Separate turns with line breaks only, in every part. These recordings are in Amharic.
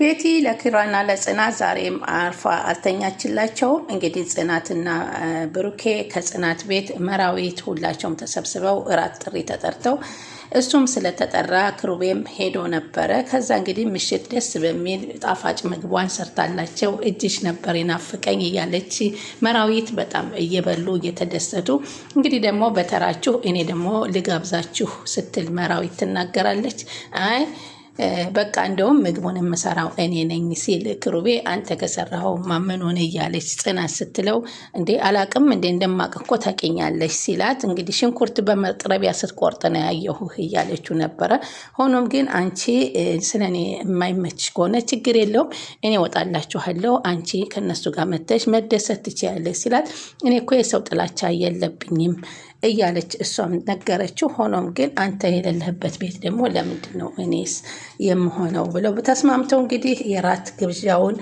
ቤቲ ለኪራና ለጽናት ዛሬም አርፋ አልተኛችላቸውም። እንግዲህ ጽናትና ብሩኬ ከጽናት ቤት መራዊት ሁላቸውም ተሰብስበው እራት ጥሪ ተጠርተው እሱም ስለተጠራ ክሩቤም ሄዶ ነበረ። ከዛ እንግዲህ ምሽት ደስ በሚል ጣፋጭ ምግቧን ሰርታላቸው እጅሽ ነበር የናፍቀኝ እያለች መራዊት በጣም እየበሉ እየተደሰቱ እንግዲህ ደግሞ በተራችሁ እኔ ደግሞ ልጋብዛችሁ ስትል መራዊት ትናገራለች አይ በቃ እንደውም ምግቡን የምሰራው እኔ ነኝ ሲል ክሩቤ አንተ ከሰራኸው ማመን ሆነ እያለች ጽናት ስትለው እንዴ አላቅም እንዴ እንደማቅ እኮ ታውቂኛለሽ ሲላት እንግዲህ ሽንኩርት በመጥረቢያ ስትቆርጥ ነው ያየሁህ እያለችው ነበረ። ሆኖም ግን አንቺ ስለ እኔ የማይመች ከሆነ ችግር የለውም እኔ ወጣላችኋለሁ፣ አንቺ ከነሱ ጋር መተሽ መደሰት ትችያለች ሲላት እኔ እኮ የሰው ጥላቻ የለብኝም እያለች እሷም ነገረችው። ሆኖም ግን አንተ የሌለህበት ቤት ደግሞ ለምንድን ነው እኔስ የምሆነው ብለው ተስማምተው እንግዲህ የራት ግብዣውን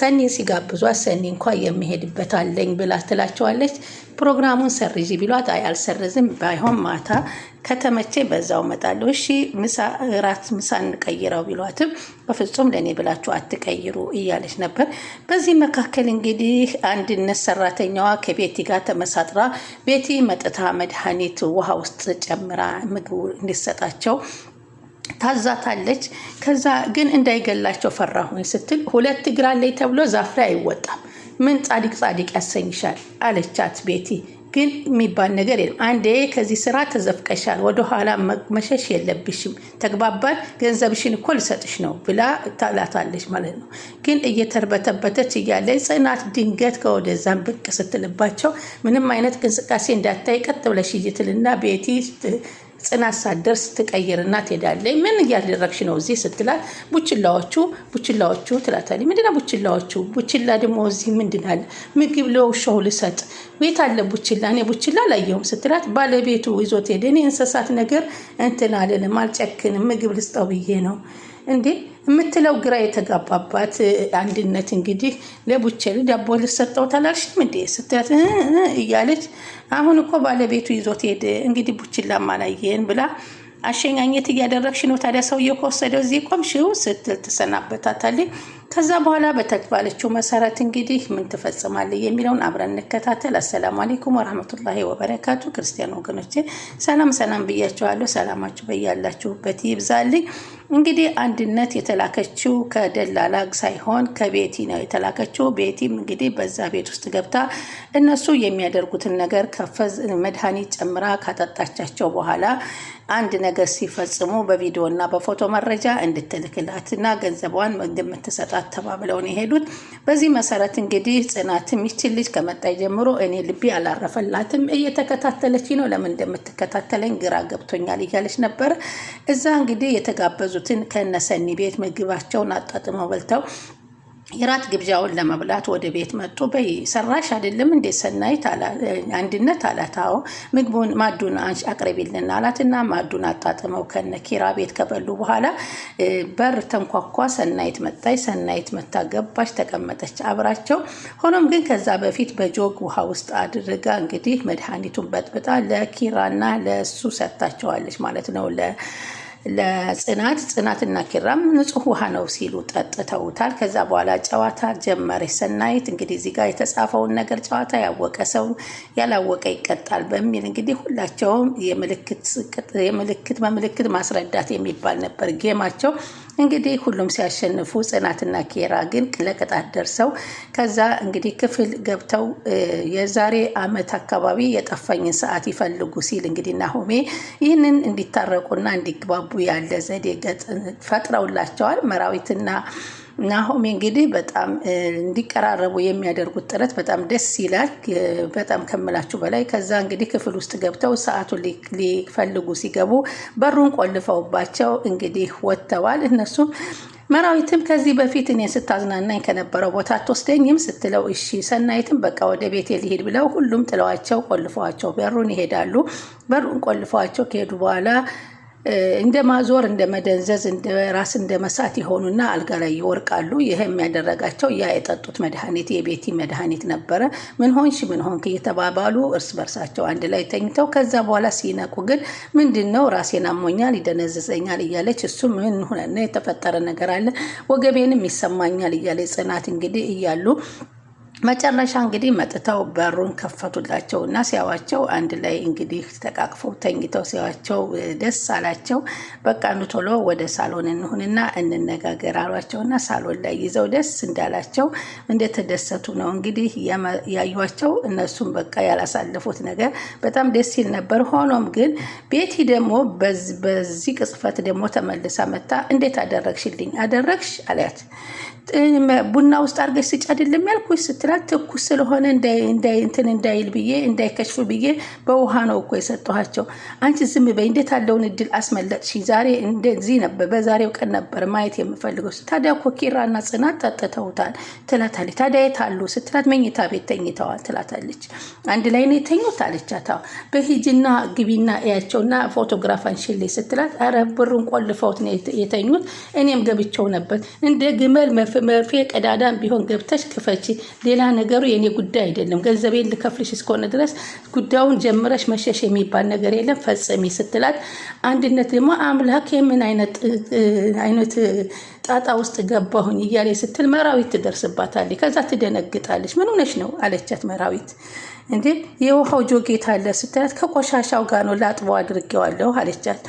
ሰኒን ሲጋብዟት ሰኒ እንኳ የሚሄድበት አለኝ ብላ ትላቸዋለች። ፕሮግራሙን ሰርዥ ቢሏት አይ አልሰርዝም፣ ባይሆን ማታ ከተመቼ በዛው መጣለሁ። እሺ ምሳ እራት ምሳ እንቀይረው ቢሏትም በፍጹም ለእኔ ብላችሁ አትቀይሩ እያለች ነበር። በዚህ መካከል እንግዲህ አንድነት ሰራተኛዋ ከቤቲ ጋር ተመሳጥራ ቤቲ መጥታ መድኃኒት ውሃ ውስጥ ጨምራ ምግቡ እንዲሰጣቸው ታዛታለች። ከዛ ግን እንዳይገላቸው ፈራሁኝ ስትል ሁለት እግር አለኝ ተብሎ ዛፍ ላይ አይወጣም ምን ጻዲቅ ጻዲቅ ያሰኝሻል አለቻት ቤቲ። ግን የሚባል ነገር የለም። አንዴ ከዚህ ስራ ተዘፍቀሻል፣ ወደኋላ መሸሽ የለብሽም። ተግባባን? ገንዘብሽን እኮ ልሰጥሽ ነው ብላ ታላታለች ማለት ነው። ግን እየተርበተበተች እያለ ጽናት ድንገት ከወደዛን ብቅ ስትልባቸው ምንም አይነት እንቅስቃሴ እንዳታይ ቀጥ ብለሽ እይትልና ቤቲ ጽናት ሳደርስ ትቀይርና ትሄዳለች። ምን እያደረግሽ ነው እዚህ ስትላት ቡችላዎቹ ቡችላዎቹ ትላታለች። ምንድነው ቡችላዎቹ? ቡችላ ደግሞ እዚህ ምንድን አለ? ምግብ ለውሻው ልሰጥ ቤት አለ ቡችላ፣ እኔ ቡችላ አላየሁም ስትላት ባለቤቱ ይዞት ሄደ። እኔ እንስሳት ነገር እንትን አልልም፣ አልጨክንም፣ ምግብ ልስጠው ብዬ ነው እንዴ የምትለው ግራ የተጋባባት አንድነት እንግዲህ ለቡቸል ዳቦ ልሰጠው ተላልሽም እንዴ ስትላት እያለች አሁን እኮ ባለቤቱ ይዞት ሄደ እንግዲህ ቡችላ ማላየን ብላ አሸኛኘት እያደረግሽ ነው ታዲያ ሰውዬው ከወሰደው እዚህ ቆምሽው ስትል ትሰናበታታለች። ከዛ በኋላ በተባለችው መሰረት እንግዲህ ምን ትፈጽማለች የሚለውን አብረን እንከታተል። አሰላሙ አሌይኩም ወራህመቱላሂ ወበረካቱ። ክርስቲያን ወገኖቼ ሰላም ሰላም ብያቸዋለሁ። ሰላማችሁ በያላችሁበት ይብዛልኝ። እንግዲህ አንድነት የተላከችው ከደላላ ሳይሆን ከቤቲ ነው የተላከችው። ቤቲም እንግዲህ በዛ ቤት ውስጥ ገብታ እነሱ የሚያደርጉትን ነገር ከፈዝ መድኃኒት ጨምራ ካጠጣቻቸው በኋላ አንድ ነገር ሲፈጽሙ በቪዲዮ በፎቶ መረጃ እንድትልክላት እና ገንዘቧን እንደምትሰጣት ተባብለው ነው የሄዱት። በዚህ መሰረት እንግዲህ ጽናትም ይችል ልጅ ከመጣይ ጀምሮ እኔ ልቤ አላረፈላትም፣ እየተከታተለች ነው፣ ለምን እንደምትከታተለኝ ግራ ገብቶኛል እያለች ነበር። እዛ እንግዲህ የተጋበዙትን ከነሰኒ ቤት ምግባቸውን አጣጥመው በልተው የራት ግብዣውን ለመብላት ወደ ቤት መጡ። በይ ሰራሽ አይደለም እንዴት ሰናይት አንድነት አላት። አዎ ምግቡን ማዱን አቅርቢልን አላት እና ማዱን አጣጥመው ከነ ኪራ ቤት ከበሉ በኋላ በር ተንኳኳ። ሰናይት መጣች። ሰናይት መታ ገባች፣ ተቀመጠች አብራቸው። ሆኖም ግን ከዛ በፊት በጆግ ውሃ ውስጥ አድርጋ እንግዲህ መድኃኒቱን በጥብጣ ለኪራና ለሱ ሰጥታቸዋለች ማለት ነው ለጽናት ጽናትና ኪራም ንጹህ ውሃ ነው ሲሉ ጠጥተውታል። ከዛ በኋላ ጨዋታ ጀመረ። ሰናይት እንግዲህ እዚህ ጋር የተጻፈውን ነገር ጨዋታ ያወቀ ሰው ያላወቀ ይቀጣል በሚል እንግዲህ ሁላቸውም የምልክት በምልክት ማስረዳት የሚባል ነበር ጌማቸው። እንግዲህ ሁሉም ሲያሸንፉ ጽናትና ኬራ ግን ለቅጣት ደርሰው ከዛ እንግዲህ ክፍል ገብተው የዛሬ ዓመት አካባቢ የጠፋኝን ሰዓት ይፈልጉ ሲል እንግዲህ ናሆሜ ይህንን እንዲታረቁና እንዲግባቡ እንዲግባቡ ያለ ዘዴ ፈጥረውላቸዋል። መራዊትና ናሆሜ እንግዲህ በጣም እንዲቀራረቡ የሚያደርጉት ጥረት በጣም ደስ ይላል። በጣም ከምላችሁ በላይ። ከዛ እንግዲህ ክፍል ውስጥ ገብተው ሰዓቱን ሊፈልጉ ሲገቡ በሩን ቆልፈውባቸው እንግዲህ ወጥተዋል። እነሱም መራዊትም ከዚህ በፊት እኔ ስታዝናናኝ ከነበረው ቦታ አትወስደኝም ስትለው እሺ፣ ሰናይትም በቃ ወደ ቤቴ ሊሄድ ብለው ሁሉም ጥለዋቸው ቆልፈዋቸው በሩን ይሄዳሉ። በሩን ቆልፈዋቸው ከሄዱ በኋላ እንደ ማዞር፣ እንደ መደንዘዝ፣ ራስ እንደ መሳት የሆኑና አልጋ ላይ ይወርቃሉ። ይህ የሚያደረጋቸው ያ የጠጡት መድኃኒት የቤቲ መድኃኒት ነበረ። ምን ሆንሽ፣ ምን ሆንክ እየተባባሉ እርስ በርሳቸው አንድ ላይ ተኝተው ከዛ በኋላ ሲነቁ ግን ምንድን ነው ራሴን አሞኛል፣ ይደነዝዘኛል እያለች እሱ ምን ሆነ የተፈጠረ ነገር አለ፣ ወገቤንም ይሰማኛል እያለ ጽናት እንግዲህ እያሉ መጨረሻ እንግዲህ መጥተው በሩን ከፈቱላቸው እና ሲያዋቸው አንድ ላይ እንግዲህ ተቃቅፈው ተኝተው ሲያዋቸው ደስ አላቸው። በቃ ኑ ቶሎ ወደ ሳሎን እንሁንና እንነጋገር አሏቸው እና ሳሎን ላይ ይዘው ደስ እንዳላቸው እንደተደሰቱ ነው እንግዲህ ያዩቸው። እነሱም በቃ ያላሳለፉት ነገር በጣም ደስ ሲል ነበር። ሆኖም ግን ቤቲ ደግሞ በዚህ ቅጽፈት ደግሞ ተመልሳ መታ እንዴት አደረግሽልኝ አደረግሽ አለያት ቡና ውስጥ አድርገሽ ስጭ አይደለም ያልኩሽ ስትላት ትኩስ ስለሆነ እንትን እንዳይል ብዬ እንዳይከሽፍ ብዬ በውሃ ነው እኮ የሰጠኋቸው። አንቺ ዝም በይ፣ እንዴት ያለውን እድል አስመለጥሽ። ዛሬ እንደዚህ ነበር፣ በዛሬው ቀን ነበር ማየት የምፈልገው። ታዲያ እኮ ኪራና ጽናት ጠጥተውታል ትላታለች። ታዲያ የት አሉ ስትላት መኝታ ቤት ተኝተዋል ትላታለች። አንድ ላይ ነው የተኙት አለቻት። በሂጅና ግቢና እያቸውና ፎቶግራፍ አንሺልኝ ስትላት ኧረ ብሩን ቆልፈውት ነው የተኙት። እኔም ገብቸው ነበር እንደ ግመል መፍ መርፌ ቀዳዳም ቢሆን ገብተሽ ክፈች። ሌላ ነገሩ የኔ ጉዳይ አይደለም። ገንዘቤን ልከፍልሽ እስከሆነ ድረስ ጉዳዩን ጀምረሽ መሸሽ የሚባል ነገር የለም፣ ፈጽሚ ስትላት፣ አንድነት ደግሞ አምላክ የምን አይነት ጣጣ ውስጥ ገባሁኝ እያለ ስትል መራዊት ትደርስባታለች። ከዛ ትደነግጣለች። ምን ሆነሽ ነው አለቻት መራዊት። እንዴ የውሃው ጆጌት አለ ስትላት፣ ከቆሻሻው ጋር ነው ላጥበው አድርጌዋለሁ አለቻት።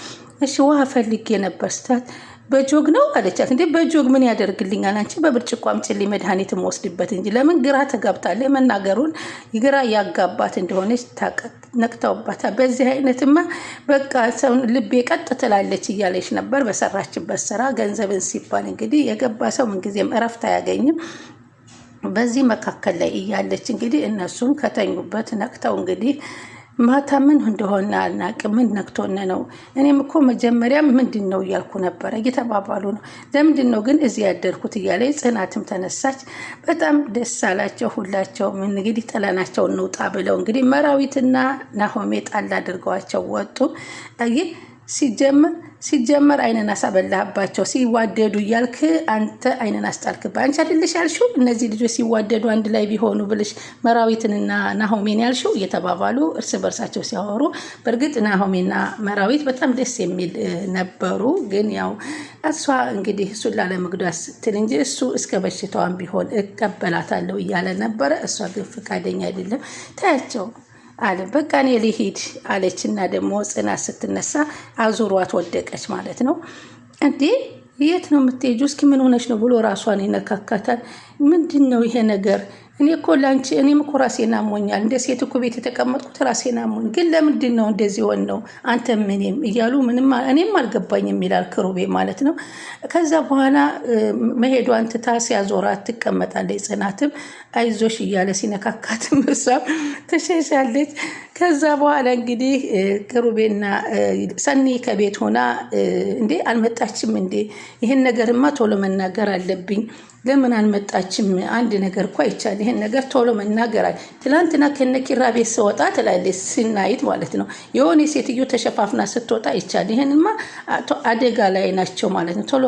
እሺ ውሃ ፈልጌ ነበር ስትላት በጆግ ነው አለቻት። እንዴ በጆግ ምን ያደርግልኛል? አንቺ በብርጭቆ አምጪልኝ መድኃኒት የምወስድበት እንጂ። ለምን ግራ ተጋብታለች። መናገሩን ግራ ያጋባት እንደሆነች ነቅተውባታል። በዚህ አይነትማ በቃ ሰው ልቤ ቀጥ ትላለች እያለች ነበር በሰራችበት ስራ። ገንዘብን ሲባል እንግዲህ የገባ ሰው ምንጊዜም እረፍት አያገኝም። በዚህ መካከል ላይ እያለች እንግዲህ እነሱም ከተኙበት ነቅተው እንግዲህ ማታ ምን እንደሆነ አናቅ፣ ምን ነክቶነ ነው? እኔም እኮ መጀመሪያም ምንድን ነው እያልኩ ነበረ። እየተባባሉ ነው። ለምንድን ነው ግን እዚህ ያደርኩት እያለ ጽናትም ተነሳች። በጣም ደስ አላቸው ሁላቸውም። እንግዲህ ጥለናቸው እንውጣ ብለው እንግዲህ መራዊትና ናሆሜ ጣል አድርገዋቸው ወጡ። ይህ ሲጀምር ሲጀመር አይነን አሳበላህባቸው ሲዋደዱ እያልክ አንተ አይነን አስጣልክባ። አንቺ አይደለሽ ያልሽው እነዚህ ልጆች ሲዋደዱ አንድ ላይ ቢሆኑ ብልሽ መራዊትንና ናሆሜን ያልሽው እየተባባሉ እርስ በርሳቸው ሲያወሩ፣ በእርግጥ ናሆሜና መራዊት በጣም ደስ የሚል ነበሩ። ግን ያው እሷ እንግዲህ እሱን ላለመጉዳት ስትል እንጂ እሱ እስከ በሽታዋን ቢሆን እቀበላታለሁ እያለ ነበረ። እሷ ግን ፈቃደኛ አይደለም። ታያቸው አለ። በቃ እኔ ልሂድ አለች እና ደግሞ ጽናት ስትነሳ አዙሯት ወደቀች ማለት ነው። እንዴ የት ነው የምትሄጂው? እስኪ ምን ሆነች ነው ብሎ ራሷን ይነካካታል። ምንድን ነው ይሄ ነገር እኔ እኮ ላንቺ እኔም እኮ ራሴን አሞኛል። እንደ ሴት እኮ ቤት የተቀመጥኩት ራሴን አሞኝ፣ ግን ለምንድን ነው እንደዚህ ሆን ነው አንተ ምንም እያሉ ምንም እኔም አልገባኝም ይላል ክሩቤ ማለት ነው። ከዛ በኋላ መሄዷን ትታ ሲያዞራት ትቀመጣለች። ጽናትም አይዞሽ እያለ ሲነካካትም እሷም ተሸሻለች። ከዛ በኋላ እንግዲህ ክሩቤና ሰኒ ከቤት ሆና እንዴ አልመጣችም እንዴ ይህን ነገርማ ቶሎ መናገር አለብኝ ለምን አልመጣችም? አንድ ነገር እኮ አይቻል፣ ይሄን ነገር ቶሎ መናገራል። ትላንትና ከነኪራ ቤት ስወጣ ትላለች፣ ስናይት ማለት ነው። የሆነ ሴትዮ ተሸፋፍና ስትወጣ ይቻል። ይህንማ አደጋ ላይ ናቸው ማለት ነው። ቶሎ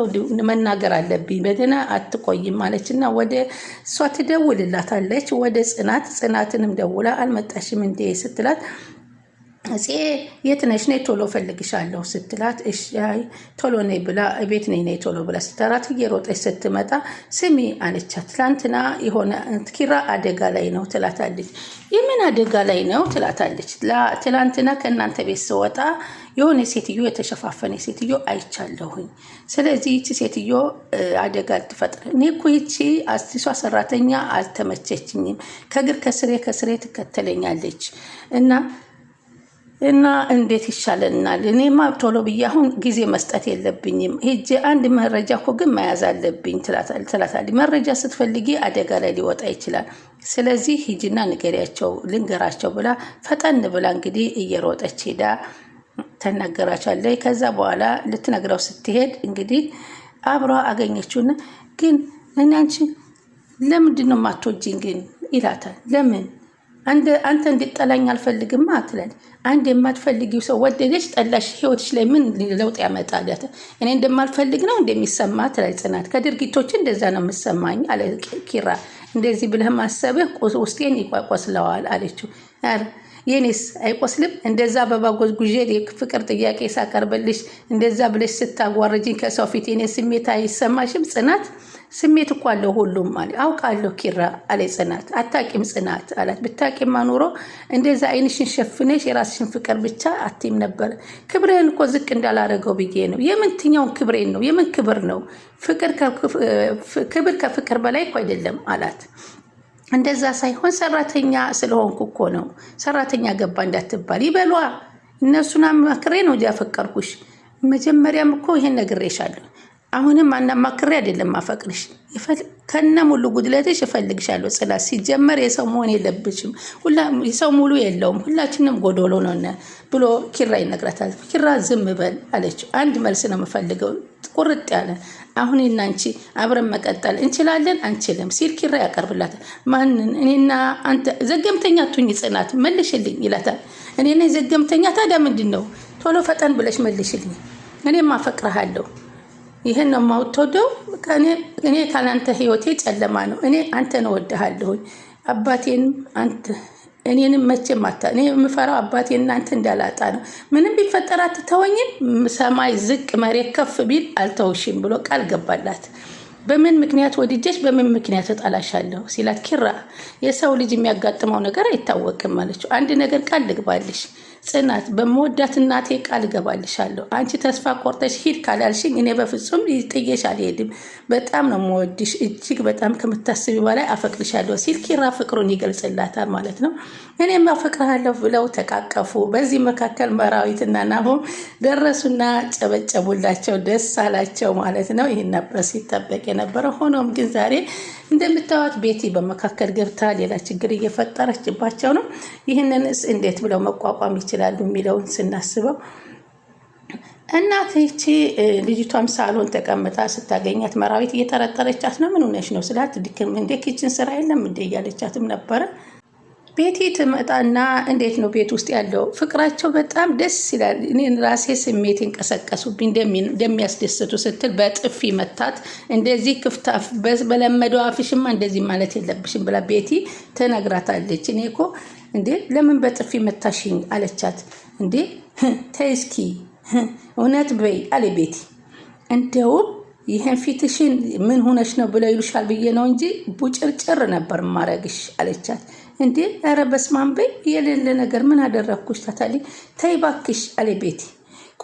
መናገር አለብኝ፣ በደህና አትቆይም ማለች እና ወደ እሷ ትደውልላታለች፣ ወደ ጽናት። ጽናትንም ደውላ አልመጣሽም እንዴ ስትላት እፄ የት ነሽ? ነይ ቶሎ ፈልግሻለሁ ስትላት እሺ ቶሎ ነይ ብላ ቤት ነይ ነይ ቶሎ ብላ ስትጠራት እየሮጠች ስትመጣ ስሚ አለቻት። ትላንትና የሆነ ኪራ አደጋ ላይ ነው ትላታለች። የምን አደጋ ላይ ነው ትላታለች። ትላንትና ከእናንተ ቤት ስወጣ የሆነ ሴትዮ የተሸፋፈነ ሴትዮ አይቻለሁኝ። ስለዚህ ይቺ ሴትዮ አደጋ ልትፈጥር እኔ እኮ ይቺ አዲሷ ሰራተኛ አልተመቸችኝም። ከእግር ከስሬ ከስሬ ትከተለኛለች እና እና እንዴት ይሻለናል? እኔማ ቶሎ ብዬ አሁን ጊዜ መስጠት የለብኝም ሄጄ አንድ መረጃ እኮ ግን መያዝ አለብኝ ትላታለች። መረጃ ስትፈልጊ አደጋ ላይ ሊወጣ ይችላል። ስለዚህ ሂጂና ንገሪያቸው ልንገራቸው ብላ ፈጠን ብላ እንግዲህ እየሮጠች ሄዳ ተናገራቻለች። ከዛ በኋላ ልትነግረው ስትሄድ እንግዲህ አብረ አገኘችውና ግን እኔ አንቺ ለምንድን ነው የማትወጂኝ ግን ይላታል። ለምን አንተ እንድጠላኝ አልፈልግም አትለን። አንድ የማትፈልጊው ሰው ወደደች ጠላሽ ህይወትች ላይ ምን ለውጥ ያመጣለት? እኔ እንደማልፈልግ ነው እንደሚሰማ ትላል ጽናት። ከድርጊቶች እንደዛ ነው የምሰማኝ አለ ኪራ። እንደዚህ ብለህ ማሰብህ ውስጤን ይቆስለዋል አለችው። የኔስ አይቆስልም? እንደዛ በባጎዝ ጉዤ ፍቅር ጥያቄ ሳቀርብልሽ እንደዛ ብለሽ ስታጓርጅኝ ከሰው ፊት የኔ ስሜት አይሰማሽም ጽናት ስሜት እኮ አለው ሁሉም አለ። አውቃለሁ ኪራ አለ ጽናት። አታቂም ጽናት አላት። ብታቂማ ኑሮ እንደዛ አይንሽን ሸፍነሽ የራስሽን ፍቅር ብቻ አትይም ነበር። ክብርህን እኮ ዝቅ እንዳላረገው ብዬ ነው። የምንትኛውን ክብሬን ነው? የምን ክብር ነው? ክብር ከፍቅር በላይ እኮ አይደለም አላት። እንደዛ ሳይሆን ሰራተኛ ስለሆንኩ እኮ ነው። ሰራተኛ ገባ እንዳትባል ይበሏ። እነሱን አማክሬ ነው እንጂ ያፈቀርኩሽ። መጀመሪያም እኮ ይሄን ነግሬሻለሁ አሁንም አናማክሬ አይደለም አፈቅርሽ ከነ ሙሉ ጉድለትሽ እፈልግሻለሁ። ጽናት ሲጀመር የሰው መሆን የለብሽም። የሰው ሙሉ የለውም፣ ሁላችንም ጎዶሎ ነን ብሎ ኪራ ይነግራታል። ኪራ ዝም በል አለችው። አንድ መልስ ነው የምፈልገው ቁርጥ ያለ አሁን እናንቺ አብረን መቀጠል እንችላለን አንችልም ሲል ኪራ ያቀርብላታል። ማንን እኔና አንተ ዘገምተኛ ቱኝ ጽናት መልሽልኝ ይላታል። እኔና ዘገምተኛ ታዲያ ምንድን ነው? ቶሎ ፈጠን ብለሽ መልሽልኝ፣ እኔም አፈቅርሃለሁ ይህን ነው የማውተወደው። እኔ ካላንተ ህይወቴ ጨለማ ነው። እኔ አንተን እወድሃለሁኝ። አባቴን አንተ እኔንም መቼም አታ እኔ የምፈራው አባቴ እናንተ እንዳላጣ ነው። ምንም ቢፈጠር አትተወኝም። ሰማይ ዝቅ መሬት ከፍ ቢል አልተውሽም ብሎ ቃል ገባላት። በምን ምክንያት ወድጀሽ በምን ምክንያት እጣላሻለሁ ሲላት ኪራ የሰው ልጅ የሚያጋጥመው ነገር አይታወቅም አለችው። አንድ ነገር ቃል ልግባልሽ ጽናት በመወዳት እናቴ ቃል እገባልሻለሁ። አንቺ ተስፋ ቆርጠሽ ሂድ ካላልሽኝ እኔ በፍጹም ጥዬሽ አልሄድም። በጣም ነው መወድሽ፣ እጅግ በጣም ከምታስቢ በላይ አፈቅርሻለሁ ሲል ኪራ ፍቅሩን ይገልጽላታል ማለት ነው። እኔም አፈቅርሃለሁ ብለው ተቃቀፉ። በዚህ መካከል መራዊትና ናሆም ደረሱና ጨበጨቡላቸው፣ ደስ አላቸው ማለት ነው። ይህን ነበር ሲጠበቅ የነበረ። ሆኖም ግን ዛሬ እንደምታዩት ቤቲ በመካከል ገብታ ሌላ ችግር እየፈጠረችባቸው ነው። ይህንንስ እንዴት ብለው መቋቋም ይችላሉ የሚለውን ስናስበው እናት ይቺ ልጅቷም ሳሎን ተቀምጣ ስታገኛት መራዊት እየጠረጠረቻት ነው። ምን ሆነሽ ነው ስላት፣ ድክም እንዴ ኪችን ስራ የለም እንደ እያለቻትም ነበረ። ቤቲ ትመጣና እንዴት ነው ቤት ውስጥ ያለው ፍቅራቸው በጣም ደስ ይላል። እኔን ራሴ ስሜት እንቀሰቀሱብኝ እንደሚያስደስቱ ስትል በጥፊ መታት። እንደዚህ ክፍታ አፍ በለመደው አፍሽማ እንደዚህ ማለት የለብሽም ብላ ቤቲ ትነግራታለች። እኔ እኮ እንዴ ለምን በጥፊ መታሽኝ አለቻት። እንዴ ተይ እስኪ እውነት በይ አለ ቤቲ እንደውም ይህን ፊትሽን ምን ሆነሽ ነው ብለው ይሉሻል ብዬ ነው እንጂ ቡጭርጭር ነበር ማረግሽ አለቻት። እንዴ ኧረ በስመ አብ በይ የሌለ ነገር ምን አደረግኩሽ? ታታሊ ተይ እባክሽ አለ ቤቲ።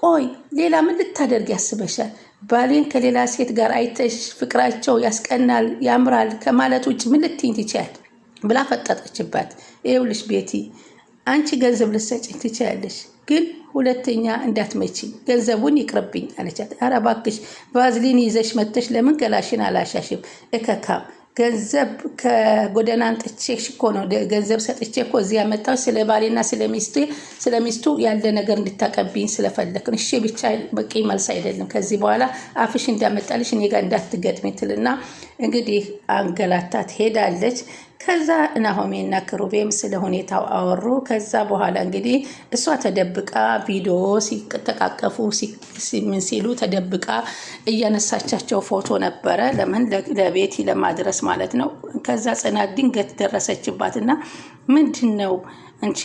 ቆይ ሌላ ምን ልታደርግ ያስበሻል? ባሌን ከሌላ ሴት ጋር አይተሽ ፍቅራቸው ያስቀናል ያምራል ከማለት ውጭ ምን ልትይኝ ትችያል? ብላ ፈጠጠችባት። ይኸውልሽ ቤቲ አንቺ ገንዘብ ልትሰጪኝ ትችያለሽ ግን ሁለተኛ እንዳትመች ገንዘቡን ይቅርብኝ አለቻት። ኧረ እባክሽ ቫዝሊን ይዘሽ መጥተሽ ለምን ገላሽን አላሻሽም? እከካም ገንዘብ ከጎደና አንጥቼ እኮ ነው ገንዘብ ሰጥቼ እኮ እዚህ ያመጣው ስለ ባሌና ስለሚስቱ ያለ ነገር እንድታቀብኝ ስለፈለግን፣ እሺ ብቻ በቂ መልስ አይደለም። ከዚህ በኋላ አፍሽ እንዳመጣልሽ እኔ ጋር እንዳትገጥሚ ትልና እንግዲህ አንገላታት ሄዳለች። ከዛ ናሆሜና ክሩቤም ስለ ሁኔታው አወሩ። ከዛ በኋላ እንግዲህ እሷ ተደብቃ ቪዲዮ ሲተቃቀፉ ምን ሲሉ ተደብቃ እያነሳቻቸው ፎቶ ነበረ፣ ለምን ለቤቲ ለማድረስ ማለት ነው። ከዛ ጽናት ድንገት ደረሰችባትና ምንድን ነው እንቺ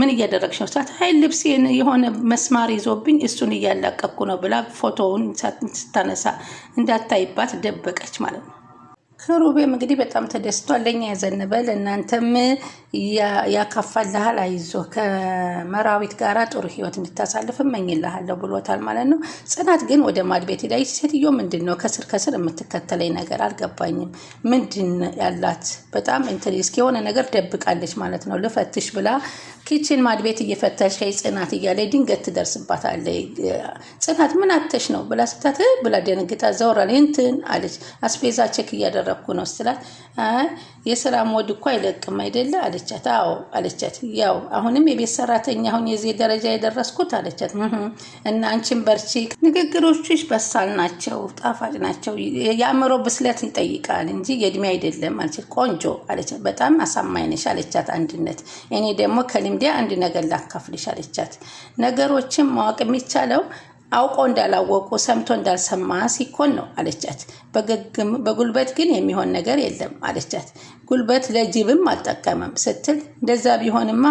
ምን እያደረግሽ ነው ሳት ሀይ ልብሴን የሆነ መስማር ይዞብኝ እሱን እያላቀኩ ነው ብላ ፎቶውን ስታነሳ እንዳታይባት ደበቀች ማለት ነው። ከሩቤም እንግዲህ በጣም ተደስቷል። ለእኛ ያዘንበል እናንተም ያካፋልሃል። አይዞ ከመራዊት ጋር ጥሩ ህይወት እንድታሳልፍ እመኝልሃለሁ ብሎታል ማለት ነው። ጽናት ግን ወደ ማድቤት ሄዳ ሴትዮ ምንድን ነው ከስር ከስር የምትከተለኝ ነገር አልገባኝም፣ ምንድን ያላት በጣም ኢንትሪስ የሆነ ነገር ደብቃለች ማለት ነው። ልፈትሽ ብላ ኪችን ማድቤት እየፈተሽ ጽናት እያለ ድንገት ትደርስባታለች። ጽናት ምን አተሽ ነው ብላ ስታት ብላ ደንግጣ ዘወራል። እንትን አለች አስቤዛ ቼክ እያደረ እያደረግኩ ነው ስላት፣ የስራ ሞድ እኮ አይለቅም አይደለ አለቻት። አዎ አለቻት። ያው አሁንም የቤት ሰራተኛ አሁን የዚህ ደረጃ የደረስኩት አለቻት። እና አንቺን በርቺ፣ ንግግሮችሽ በሳል ናቸው፣ ጣፋጭ ናቸው። የአእምሮ ብስለት ይጠይቃል እንጂ የእድሜ አይደለም አለቻት። ቆንጆ አለቻት። በጣም አሳማኝ ነሽ አለቻት አንድነት። እኔ ደግሞ ከልምዴ አንድ ነገር ላካፍልሽ አለቻት። ነገሮችን ማወቅ የሚቻለው አውቆ እንዳላወቁ ሰምቶ እንዳልሰማ ሲኮን ነው አለቻት። በጉልበት ግን የሚሆን ነገር የለም አለቻት። ጉልበት ለጅብም አልጠቀመም ስትል እንደዛ ቢሆንማ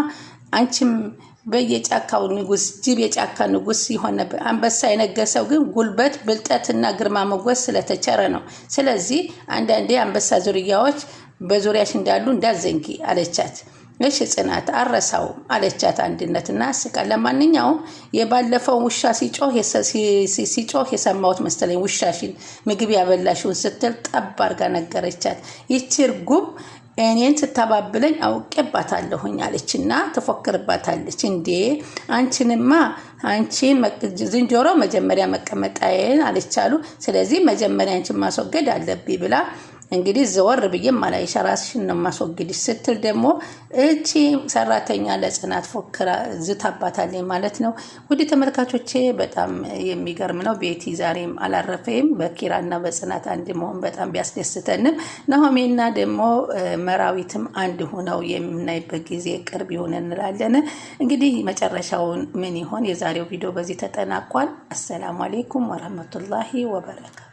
አንቺም በየጫካው ንጉስ ጅብ የጫካ ንጉስ ይሆን ነበር። አንበሳ የነገሰው ግን ጉልበት ብልጠትና ግርማ ሞገስ ስለተቸረ ነው። ስለዚህ አንዳንዴ አንበሳ ዝርያዎች በዙሪያሽ እንዳሉ እንዳዘንጊ አለቻት። እሺ ጽናት አረሳው አለቻት አንድነት እና አስቃል። ለማንኛውም የባለፈውን ውሻ ሲጮህ የሰማሁት መሰለኝ ውሻሽን ምግብ ያበላሽውን ስትል ጠብ አርጋ ነገረቻት ይቺ እርጉም እኔን ስታባብለኝ አውቄባታለሁኝ አለች እና ትፎክርባታለች እንዴ አንቺንማ አንቺን ዝንጀሮ መጀመሪያ መቀመጣዬን አለቻሉ ስለዚህ መጀመሪያ አንቺን ማስወገድ አለብኝ ብላ እንግዲህ ዘወር ብዬ ማላይሻ ራስሽን ነው ስትል ደግሞ እቺ ሰራተኛ ለጽናት ፎክራ ዝታባታለች ማለት ነው። ውድ ተመልካቾቼ በጣም የሚገርም ነው። ቤቲ ዛሬም አላረፈም። በኪራና በጽናት አንድ መሆን በጣም ቢያስደስተንም ናሆሜና ደግሞ መራዊትም አንድ ሆነው የምናይበት ጊዜ ቅርብ ይሆነ እንላለን። እንግዲህ መጨረሻውን ምን ይሆን? የዛሬው ቪዲዮ በዚህ ተጠናቋል። አሰላሙ አሌይኩም ወረህመቱላሂ ወበረካቱ